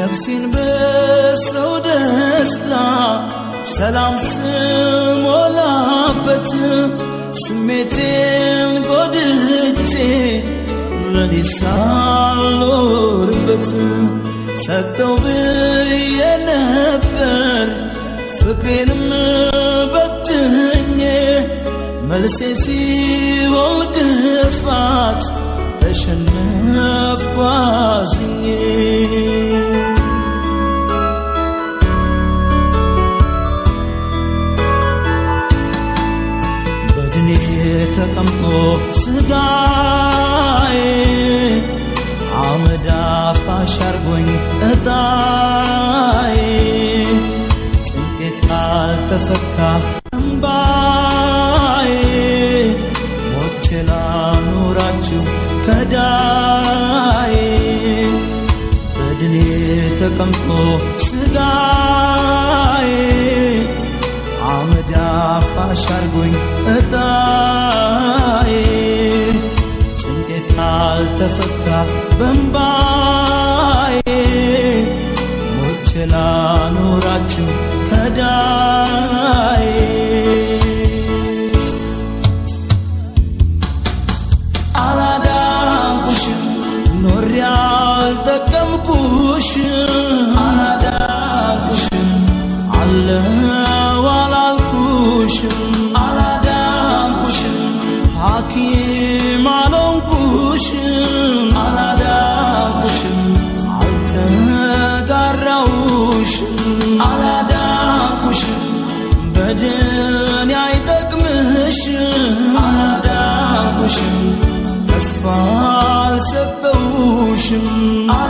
ነፍሴን በሰው ደስታ ሰላም ስሞላበት ስሜቴን ጎድቼ ለኔ ሳልኖርበት ሰጠው ብዬ ነበር ፍቅሬንም በትኜ መልሴ ሲሆን ግን ተቀምጦ ስጋዬ አመዳ አፋሽ አርጎኝ እጣዬ ጭንቄ ካልተፈታ እምባዬ ሞቼ ላኑራችሁ ከዳዬ በድኔ ተቀምጦ ስጋዬ አመዳ አፋሽ አርጎኝ እጣ በእምባዬ ሞቼ ላኖራችሁ ከዳዬ አላዳንኩሽም ኖሬ አልጠቀምኩሽም አላዳንኩሽም አለው አላልኩሽም አላዳንኩሽም ሐኪም አልተውሽም፣ አላዳንኩሽም፣ አልተጋራውሽም፣ አላዳንኩሽም፣ በደኔ አይጠቅምህሽም፣ አላዳንኩሽም፣